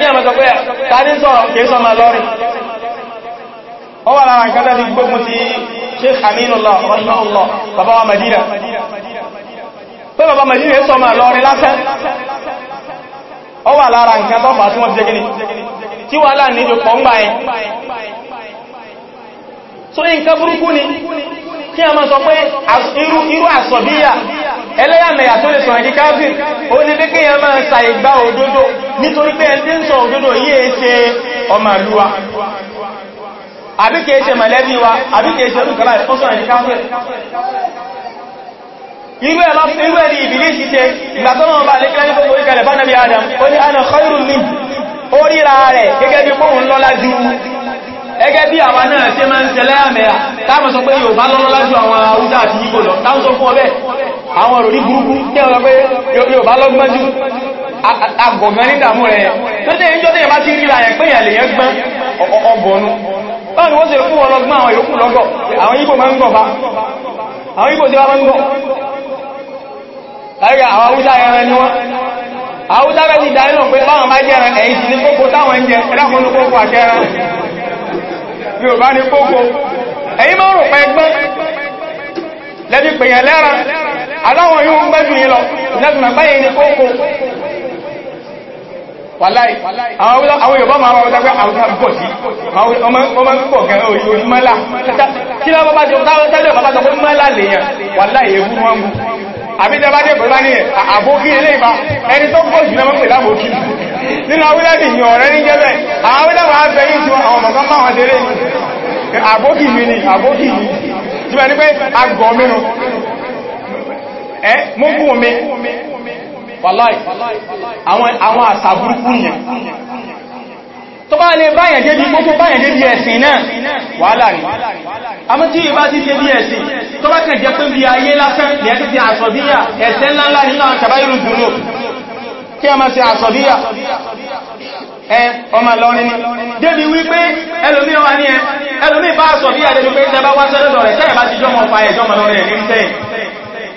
jẹ́ àmọ́ sọ tàbí sọ̀rọ̀ kìí sọ máa lọ́rin ó wà lára nǹkan tàbí gbógun ti Sheikh Aminullah rahimahullah bàbá wa Madina pé bàbá Madina yẹ́ sọmọ lọrin lásán ó wà lára nǹkan tó fà tí wọ́n fi jẹ́gini tí wà láà níjò pọ̀ ń báyẹn so nǹkan burúkú ni kí a máa sọ pé irú àsọ̀bíyà ẹlẹ́yàmẹ̀yà tó lè sọ̀rọ̀ ìdíkáàbì ó ní pé kí máa sàìgbà òdodo nítorí pé ẹni ń sọ òdodo yíè e ṣe ọmọ àlúwa àbí kìí ṣe mọ̀lẹ́bí wa àbí kìí ṣe orúkọ láì fọ́sọ̀ ẹ̀dí káfẹ́ irú ẹ̀ lọ́pọ̀ irú ẹ̀ ní ìbílí ṣíṣe ìgbàtọ́nà ọba lẹ́kẹ́lẹ́ ní fọ́sọ̀ oríkẹlẹ̀ bá nàbí adam ó ní ana khairun min ó ríra rẹ̀ gẹ́gẹ́ bí fóun lọ́lá ju gẹ́gẹ́ bí àwọn náà ṣe máa ń tẹ̀lẹ́ àmẹ́yà táwọn sọ pé Yorùbá lọ́lá ju àwọn Haúsá àti Ìgbò lọ táwọn sọ fún ọbẹ̀ àwọn òròrí burúkú tẹ́ ọ̀rọ̀ pé Yorùbá lọ́gbọ́n ju agbọ̀gán nídàmú rẹ̀ tó tẹ́ ìjọ́ tẹ́yẹ̀ bá ti ríra ẹ̀ pé ìyàlẹ̀yẹ́ gbọ́n ọgbọ̀nú báwọn wọ́n ṣe fún ọlọ́gbọ́n àwọn ìyókù lọ́gọ̀ àwọn Ìgbò máa ń gọ̀ bá àwọn Ìgbò tí wọ́n máa ń gọ̀ láyé àwọn Haúsá ẹran ni wọ́n Haúsá rẹ̀ ti dáyé pé báwọn bá jẹ́ ẹran ẹ̀yìn sí kókó táwọn jẹ ẹlákùn kókó àti wàláì àwọn Yorùbá máa wọ́n tẹ́gbẹ́ àwọn àbúkọ̀ sí ọmọ ń gan orí mọ́lá kí lọ bá tẹ́lẹ̀ bàbá sọ pé lèyàn wàláì ewu wọn mú àbíjẹba pẹ̀lú ní àbókí ilé ìbá ẹni tó pọ̀ jù náà pẹ̀lú àbókí nínú awílẹ̀ nìyàn ọ̀rẹ́ ní jẹ́bẹ̀ àwọn awílẹ̀ wàláì àwọn àṣà burúkú yẹn tó bá lè báyàn débi gbogbo báyàn débi ẹ̀sìn náà wàhálà ní àmọ́ tí ìbá ti débi ẹ̀sìn tó bá kàn jẹ́ pé bí ayé lásán ní ẹ̀sìn ti àṣọ̀bíyà ẹ̀ṣẹ̀ ńláńlá nínú àwọn tàbá irú dùnú kí a máa ṣe àṣọ̀bíyà ẹ ọmọ lọ́rin débi wípé ẹlòmí ọwà ní ẹ ẹlòmí bá àṣọ̀bíyà débi pé ìjẹba wáṣẹ́ lọ́dọ̀ rẹ̀ tẹ́ẹ̀ bá ti jọmọ̀ pa ẹ̀jọmọ̀ lọ́rin ẹ̀ ní sẹ́yìn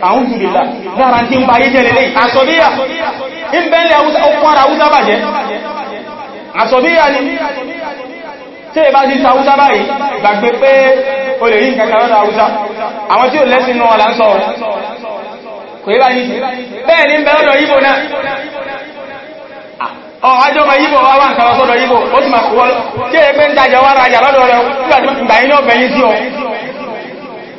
àwọn jùlọ lára tí ń báyé jẹ́ lélẹ́ àsọ̀bíyà ń bẹ́lẹ̀ ọkùnrin àwúsá bàjẹ́ àsọ̀bíyà ni tí ìbá ti sàúsá báyìí gbàgbé pé o lè rí nǹkan lọ́dọ̀ àwúsá àwọn tí ò lẹ́sìn náà là ń sọ kò yíba ní bẹ́ẹ̀ ni ń bẹ lọ́dọ̀ yíbò náà ọ̀hájọ́ ma yíbò wá wà nǹkan lọ́sọ́dọ̀ yíbò ó sì máa kúwọ́ tí èé pé ń tajà wá rajà lọ́dọ̀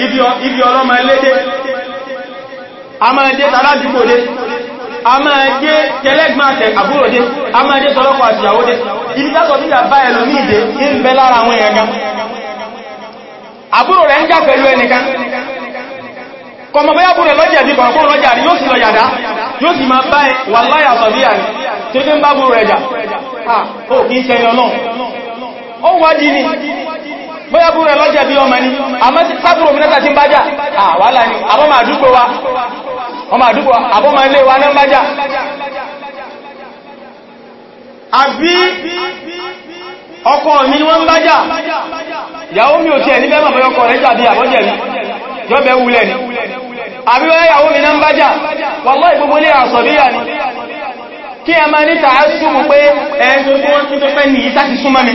ibi ọlọ́mọ ẹlẹ́dẹ́ a máa jẹ́ a máa jẹ́ tẹ́lẹ́gbàtẹ̀ àbúròdé a máa jẹ́ tọ́lọ́pọ̀ àtìyàwódé ibi tásọ̀ bí àbá ẹlòmí ìdè ń bẹ lára àwọn èèyàn gan àbúrò rẹ̀ ń jà pẹ̀lú ẹnìkan kọmọ bóyá búrú lọ́jẹ̀ bí ọmọ ní sábúrò mínátà ń bájá àwálà ni wa ọmọ àdúgbò wa wa náà bájá àbí ọkọ mi wọ́n bájá ìyàwó mi ò tiẹ̀ níbẹ̀ mọ̀ bóyá ọkọ rẹ̀ jàbí àbọ́jẹ̀ mi kí ẹ tó súnmọ́ mi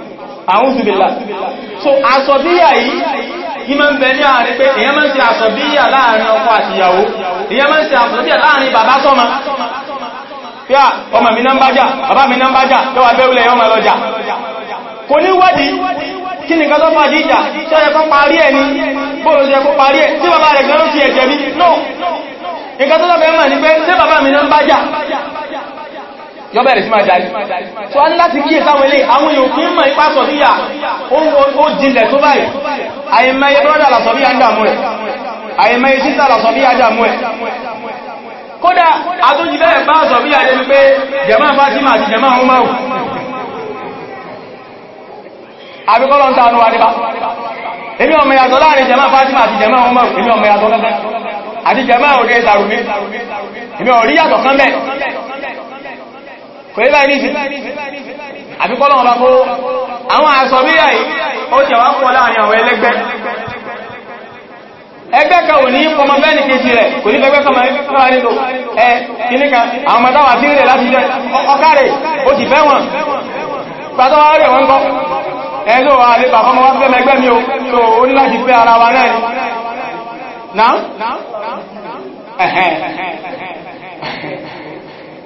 a'udhu so asọ̀bíyà yìí yí máa ń bẹ ní àárín pé èyàn máa ń ṣe asọ̀bíyà láàrin ọkọ àti ìyàwó èyàn máa ń ṣe asọ̀bíyà láàrin bàbá sọ́mọ pé à ọmọ mi náà ń bájà bàbá mi náà ń bájà lọ́wà bẹ́rùlẹ̀ yọ́ máa lọ́jà kò ni kọ́tọ́ fà jíjà tí ọ̀yẹ́ kan parí ẹ̀ ní bóòlù ṣe no nǹkan tó lọ́bẹ̀ẹ́ mọ̀ ní pé tí bàbá mi náà ń yọ bẹ̀rẹ̀ sí máa jàrí tó a ní láti kíyè sáwọn ilé àwọn èèyàn kí ń mọ̀ ipá sọ níyà ó jinlẹ̀ tó báyìí àìmẹ́yẹ brọ́dà làsọ bí àdàmú ẹ̀ àìmẹ́yẹ sísà làsọ bí àdàmú ẹ̀ kódà àtúnjì bẹ́ẹ̀ bá sọ bí àdé wípé jẹ̀má Fatima àti jẹ̀má Umaru àbíkọ́lọ́ ń tàánú wa nípa èmi ọmọ ìyàtọ̀ láàrin jẹ̀má Fatima àti jẹ̀má Umaru èmi ọmọ ìyàtọ̀ lọ́gbẹ́ àti jẹ̀má òde ìsàrùmí èmi ọ̀rí yàtọ̀ kan kò yíba ní ìsìn àbíkọ́lọ̀ àwọn àṣọ̀bíyà yìí ó jẹ́ wá láàrin àwọn ẹlẹ́gbẹ́ ẹgbẹ́ kan ò ní pọmọ bẹ́ẹ̀ni kejì rẹ̀ kò ní fẹ́gbẹ́ kọmọ àwọn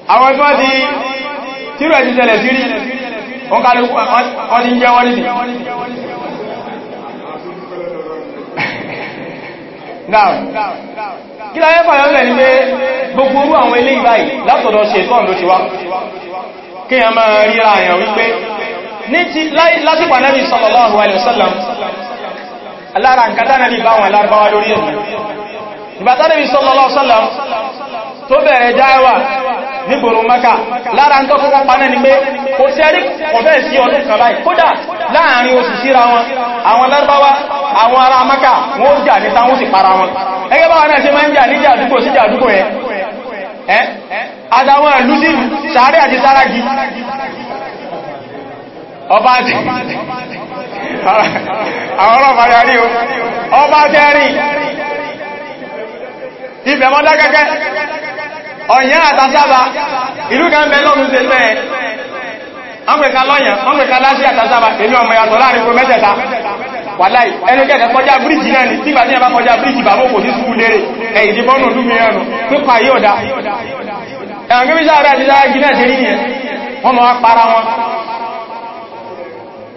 mọ̀táwà ti tí rẹ̀ ti tẹ́lẹ̀ sí rí ọdí jẹ́ wọ́n nìdí now kí láyé fàyọ́ rẹ̀ ní pé gbogbo orú àwọn ilé ìbáyìí látọ̀dọ̀ ṣe tọ́n ló ṣe wá kí a máa ríra àyàn wípé ní ti lásìpà náà sallallahu alaihi wasallam alára nǹkan tánà ní báwọn alárùbáwá lórí ẹ̀mù ìbátánà sallallahu alaihi wasallam tó bẹ̀rẹ̀ dáẹwà nígboro maka lára ń tọ́kọ́kọ́ paná ni pé kò sẹ́rí ọ̀fẹ́ sí ọdún kan kódà láàrin oṣù síra wọn àwọn lárúbáwá àwọn ará maka wọ́n jà ní táwọn sì para wọn ẹgẹ́ wọn náà ṣe máa ń jà àdúgbò yẹn ẹ́ àtàwọn ọ̀yán àtàsába ìlú kan bẹ lọ́nu ṣe bẹ́ẹ̀ ọgbẹ̀ka lọ́yàn ọgbẹ̀ka láṣí àtàsába èmi ọmọ ìyàtọ̀ láàrin fún mẹ́tẹ̀ta wàláì ẹnu kẹ́ẹ̀kẹ́ kọjá bíríjì náà ni tígbà ẹ bá kọjá bíríjì bàbá kò sí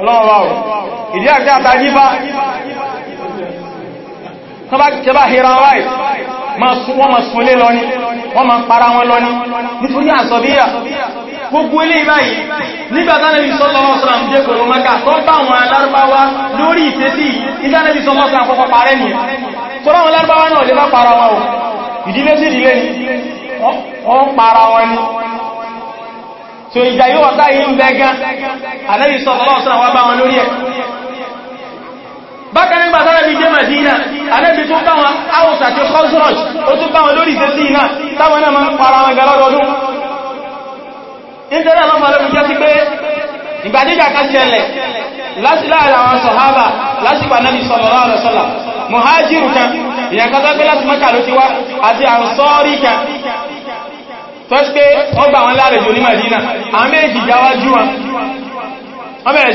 ọlọ́ọ̀wọ́ ìdí àgbẹ́ àtàjíbá tọ́bá hìra wáì wọ́n ma súnlé lọ ní wọ́n ma para wọn lọ ní nítorí àsọ̀bíyà gbogbo ilé ìbáyìí nígbàtánàbí sọ́lọ́mọ́sọ́lá ń jẹ́ kòrò mẹ́ka tó bá wọn alárúbáwá lórí ìtẹ́sí ìdánàbí sọ́lọ́mọ́sọ́lá pọ̀pọ̀ parẹ́ ni tọ́rọ wọn alárúbáwá tí ó ìjà yóò wọ́ta yìí ń bẹ gan Ànábì sallallahu alaihi wasallam wá bá wọn lórí ẹ̀ bákan nígbà sára bí jẹ́ Madina Ànábì tún bá wọn áwùsà tí ó Khazraj ó tún bá wọn lórí ìṣẹ́ sí iná táwọn náà máa ń para wọn gẹ̀rọ lọ́dún ìtẹ́rẹ lọ́pàá lórí jẹ́ sí pé ìgbàdíjà kan ṣẹlẹ̀ láti láàrin àwọn sọ̀hábà lásìkò Ànábì sallallahu alaihi wasallam muhajiru kan ìyàkátá pé láti Mẹ́kà ló ti wá àti àrùn sọ́ọ́rí kan tó ṣe pé wọ́n gbà wọn lálejò ní Madina àwọn méjì jáwájú wọn wọ́n bẹ̀rẹ̀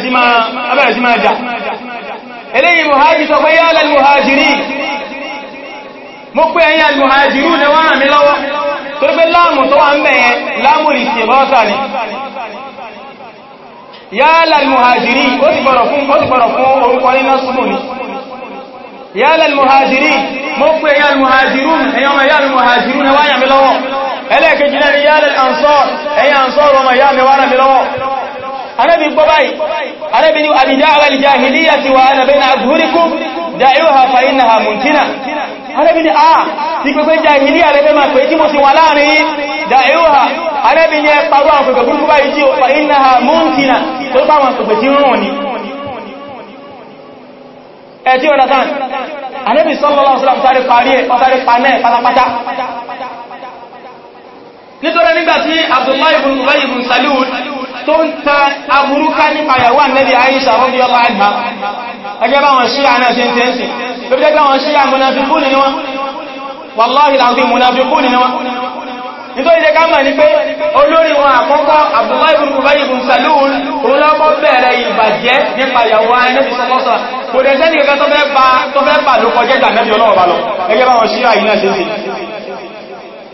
sí máa jà eléyìí muhajì sọ pé yálà muhajiri mo pé ẹ̀yin almuhajiru ni wọ́n ràn mí lọ́wọ́ tó pé láàmù tó wà ń bẹ̀yẹn láàmù lè ṣe bọ́ọ̀sà ni yálà muhajiri ó ti gbọ́rọ̀ fún orúkọ nínú lọ́wọ́ ẹlẹ́ẹ̀kejì náà ni yálẹ̀ ansọ́r ẹ̀yà ansọ́r ọmọ ìyá mi wára mi lọ́wọ́ anábi gbọ́ báyìí anábi ni àbìdá àwẹ̀lì jahiliya ti wà ánàbẹ́ na agbúríkún da yóò ha fa iná ha mùnkínà anábi ni a ah, ti pẹ́pẹ́ jahiliya rẹ̀ ma pẹ́ tí mo ti wà láàrin da yóò ha anábi ni ẹparú àwọn pẹ̀pẹ̀ burúkú báyìí ọ̀nà tán anábi sallallahu alaihi nítorí nígbàtí Abdullahi ibn Ubay ibn Salul tó ń ta aburúká nípa ìyàwó Ànábì Àìṣà rọ́bí ọlá àìbá ẹgbẹ́ bá wọn ṣíyà náà ṣe ń tẹ́ǹsì tó bí jẹ́gbẹ́ wọn ṣíyà múnafikúnì ni wọ́n wàláhì láti múnafikúnì ni wọ́n nítorí jẹ́ káàmà ní pé olórí wọn àkọ́kọ́ Abdullahi ibn Ubay ibn Salul òun lọ́kọ́ bẹ̀rẹ̀ ìbàjẹ́ nípa ìyàwó Ànábì sọ́kọ́sọ́ kò dẹ̀ sẹ́ni kẹ́kẹ́ tó fẹ́ bà ló kọjẹ́ ìgbà mẹ́bí ẹgbẹ́ bá wọn ṣíyà yìí náà ṣe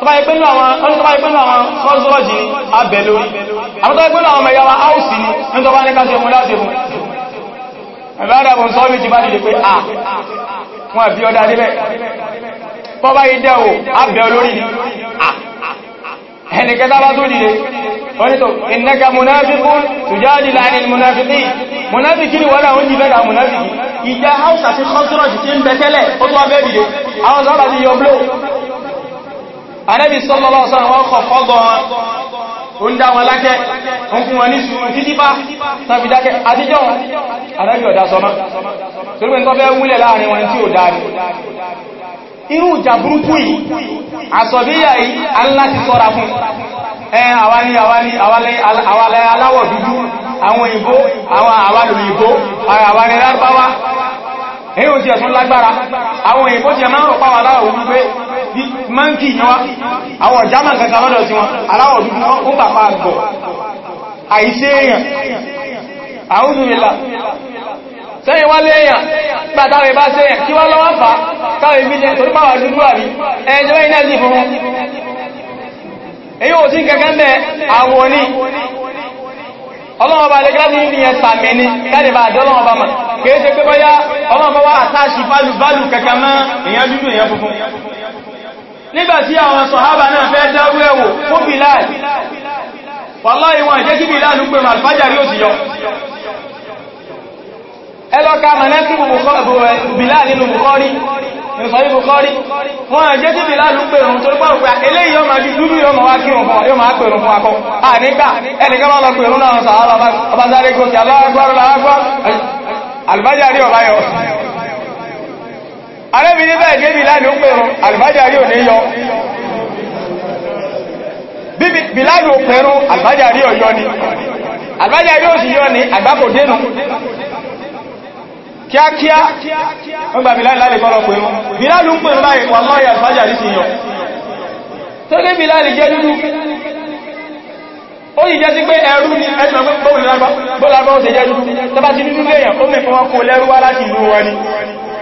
tọ́bá ìpínlẹ̀ àwọn kọ́sọ́rọ̀jì ni abẹ̀ lórí àwọn tọ́bá ìpínlẹ̀ àwọn mẹ́yàwó áùsì ni ní tọ́bá ní káṣẹ fún láti fún ẹ̀bẹ̀rẹ̀bùn sọ́ọ́lù ti bá dìde pé à wọ́n bí ọdá débẹ̀ tọ́bá ìdẹ́ ò abẹ̀ lórí ni ẹnikẹta bá tó dìde onítò ìnẹ́ka munafikú tùjáàdì láàrin munafiki munafiki ni wọ́n láwọn jìbẹ́ àwọn munafiki anábì sallallahu alaihi wasallam wọ́n kọ̀ fọ́gọ́ wọn ó ń dá wọn lákẹ́ ọkùn wọn ní ṣùgbọ́n títí bá tàbí dákẹ́ àtijọ́ wọn anábì ọ̀dá sọmọ́ torí pẹ̀ntọ́ fẹ́ wúlẹ̀ láàrin wọn tí ó dáa irú ìjà burúkú yìí àsọ̀bíyà yìí aláti sọ́ra fún ẹn àwárí àwárí àwárí aláwọ̀ àwọn èyí ò ti ẹ̀sùn lágbára àwọn ìbò ti bí mọ́ǹkì náwá àwọn german kankan lọ́dọ̀ tí wọn aláwọ̀ dúdú ó pàpá àgbọ̀ àìsí èèyàn àúdùnilá sẹ́yìn wá léèyàn pàtàwẹ̀ bá sẹ́yìn kí wá lọ́wọ́ fà káwẹ̀ bí jẹ́ torí pàwà dúdú àrí ẹjọ́ iná sí fún èyí ò sí kankan bẹ àwọ̀ ní ọlọ́wọ́ bá lè ní ní bá àjọ́ ọlọ́wọ́ bá pé ọlọ́wọ́ bá wá àtàṣì bálù bálù mọ́ dúdú nígbàtí àwọn sọ̀hábà náà fẹ́ dárú ẹ̀wò fún Bilal wàláhí wọn jẹ́ kí Bilal ń pè màlfàjàrí ó ti yọ ẹlọ́ka mẹ́lẹ́kùn Bilal nínú Bukhari ìfàyí Bukhari wọn jẹ́ kí Bilal ń pè rùn tó pọ̀ pẹ̀ eléyìí yọ máa ju dúdú yọ máa wá kí rùn fún yọ arẹ́bìnrin bẹ́ẹ̀ débi láì ló pẹ̀rún àlùbájá rí ò ní yọ bíláàlù pẹ̀rún àlùbájá rí ò yọ ni àlùbájá rí ò sì yọ ni àgbákò dénú kíákíá wọ́n gba bíláàlù láì kọ́lọ pẹ̀rún bíláàlù ń pẹ̀rún láì wà lọ́yà àlùbájá rí sì yọ tó dé bíláàlù jẹ́ dúdú ó yìí jẹ́ sí pé ẹrú ní ẹgbẹ̀rún gbọ́ọ̀lù lábọ́ ó ṣe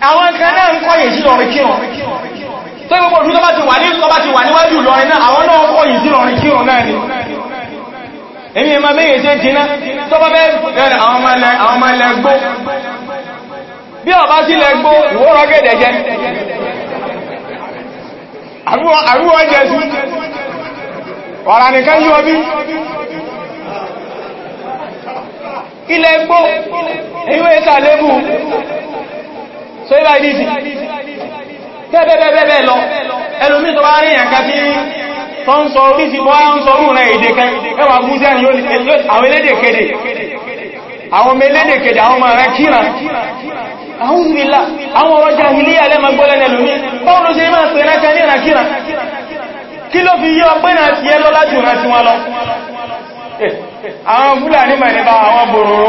àwọn kan náà ń kọ́yìn sí lọrin kírùn tó gbogbo ọdún tó ti wà ní ti wà níwájú lọrin náà àwọn náà kọ́yìn sí lọrin kírùn náà ni èmi ẹmà mẹ́yẹ̀ ṣe jìnà tó bá bẹ́ àwọn ọmọ bí ọba lẹ́gbó bí ilẹ̀ gbó so ibà ìdísì bẹ́ẹ̀bẹ́ẹ̀bẹ́ẹ̀ lọ ẹlòmí tó bá rí ẹ̀ka tí tó ń sọ orísì bọ́ ń sọ rúrẹ èdè kan ẹwà gúúsẹ́ àwọn elédè kéde àwọn melédè kéde àwọn ọmọ rẹ kíra àwọn ìrìnlá àwọn ọjà ilé alẹ́mọ̀gbọ́lẹ̀ ẹlòmí báwọn ló ṣe máa pè rákẹ́ ní ìràkíra kí ló fi yí ọpẹ́ náà ti ẹ lọ láti ìrántí wọn lọ eh, eh, àwọn fúlàní mẹ́rin bá àwọn bòròró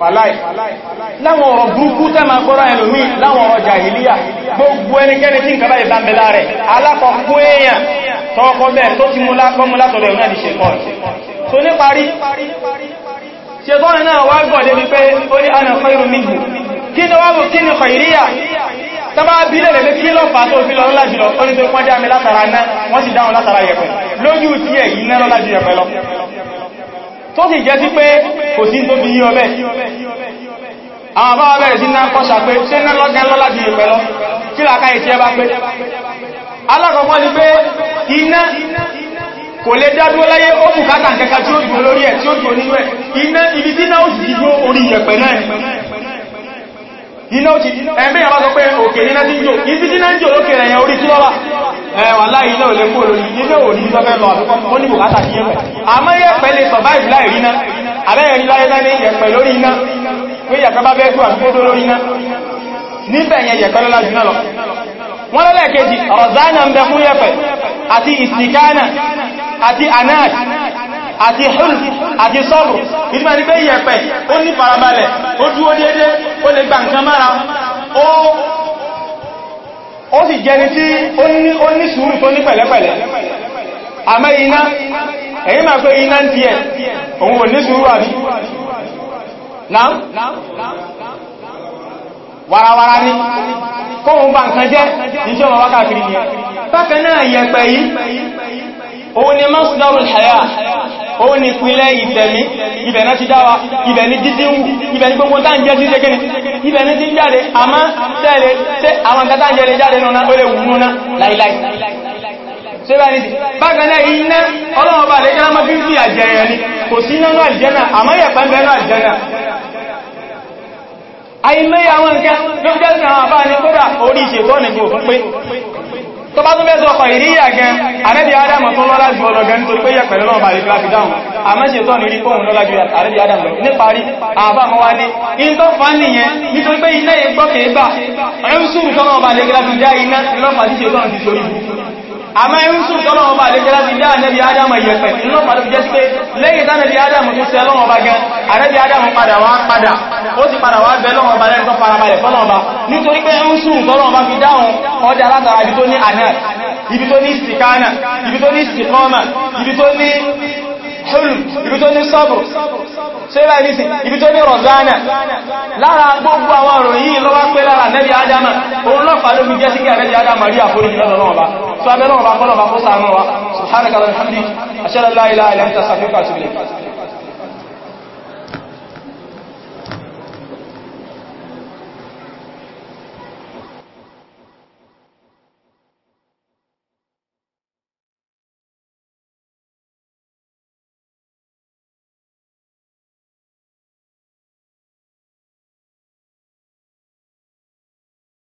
fàláì láwọn ọ̀rọ̀ burúkú tẹ́ ma gbọ́rọ̀ ẹlòmí láwọn ọ̀rọ̀ jàhìlíyà gbogbo ẹnikẹ́ni tí nǹkan báyìí lámbẹ̀lá rẹ̀ alákọ̀ọ́kọ́ èèyàn tọ́ọ̀kọ́ bẹ́ẹ̀ tó ti mú látọ̀rọ̀ ẹ̀rùn náà di ṣẹ̀kọ́ so ní parí ṣẹ̀tọ́rin náà wá gọ̀ débi pé ó ní ana khairu minhu kí ni wábò kí ni khairiyya tọba bílẹ̀ rẹ̀ kí lọ fà tó fi lọ lọ́lá jùlọ ó ní tó pọ́n dá mi látara náà wọ́n sì dáhùn látara yẹ̀pẹ̀ lójú tí ẹ̀ yìí náà lọ́lá jù yẹ̀pẹ̀ lọ tó sì jẹ́ sí pé kò sí tó fi yí ọbẹ̀ àwọn bá bẹ̀rẹ̀ sí náà kọ́ṣà pé ṣe náà lọ́gán lọ́lá ju ìpẹ́ lọ kí làká ìṣẹ́ bá pé alákọ̀ọ́kọ́ ni pé iná kò lè dádúró láyé ó bùkátà kẹka tí ó dùn lórí ẹ̀ tí ó dùn nínú iná ibi tí náà ó sì dúró orí ìyẹ̀pẹ̀ náà iná òjì ẹ̀mí àwọn sọ pé òkè ní nájíjò ibi tí nájíjò lókè rẹ̀ yẹn orí kí lọ́wà ẹ̀wà láì iná olè kó lórí ilé òní tó fẹ́ lọ àtúkọ́ ó ní bùkátà sí yẹ́pẹ̀ àmọ́ yẹ́pẹ̀ lè survive láì ríná àbẹ́yẹ̀ rí láyé náà ní yẹ̀pẹ̀ lórí iná pé yẹ̀pẹ̀ bá bẹ́ẹ̀ tó àtúkọ́ lórí iná níbẹ̀ yẹn yẹ̀pẹ̀ lọ́lá jù náà lọ wọ́n lọ́lẹ̀ kejì ọ̀rọ̀ zánà ń bẹ fún yẹ̀pẹ̀ àti ìsìnkánà àti anáàtì àti hulf àti sọ́rù ìtumẹ̀ ní pé yẹ̀pẹ̀ ó ní farabalẹ̀ ó dúó dédé ó lè gba nǹkan mára ó sì jẹni tí ó ní sùúrù tó ní pẹ̀lẹ́pẹ̀lẹ́ àmẹ́ iná èyí máa pé iná ti ẹ̀ òun ò ní sùúrù àbí náà warawara ní kóhun bá nǹkan jẹ́ ìjọba wákàkiri ni bákan náà yẹ̀pẹ̀ yìí òun ni masdarul haya òun ni ìpínlẹ̀ ìtẹ̀mí ibẹ̀ náà ti dáwà ibẹ̀ ni dídínwù ibẹ̀ ni gbogbo tá ń jẹ́ títẹ́ gẹ́ni ibẹ̀ ni ti ń jáde àmá tẹ́lẹ̀ tẹ́ àwọn kátà ń jẹ́lẹ̀ jáde náà ó lè wù múná láìláì bákanáà iná ọlọ́wọ́ bá lè kẹ́lá mọ́fí sí àjẹyàn ni kò sí iná náà àjẹ́nà àmọ́ yẹ̀pẹ́ mẹ́rin àjẹ́nà àìmẹ́ àwọn nǹkan ló jẹ́ sí àwọn àbá ní kódà orí ìṣètọ́ nìgbò fún pé tó bá tún bẹ́ sọ kọ̀ìríyà gan àrẹ́bí adam tó lọ́lá jù ọ̀nà gan tó pé yẹ̀pẹ̀lẹ́ náà bàrí fìlá fi dáhùn àmẹ́ṣẹ́ tọ́ ní rí fóòrùn lọ́lá jù àrẹ́bí adam lọ níparí àbá mọ́ wá ní in tó àmá irúsùn tọ́lọ́ ọba àlejò láti dá ànẹ́bí ádámà yẹ̀pẹ̀ lọ́pàá ló fi jẹ́ sí pé lẹ́yìn tánẹ́bí ádámà tó sẹ lọ́wọ́ ọba gan ànẹ́bí ádámà padà wá padà ó sì padà wá bẹ lọ́wọ́ ọba lẹ́yìn tó farabalẹ̀ fọ́lọ́ ọba nítorí pé irúsùn tọ́lọ́ ọba hulm ibi tó ní sọ́bùrù ṣẹ́lá ìrísì ibi tó ní rọ̀zánà lára gbogbo àwọn ọ̀rọ̀ yìí lọ́wọ́ pé lára nẹ́bí adama òun lọ́fà ló fi jẹ́ sí kí àrẹ́bí adama rí àforíjì lọ́dọ̀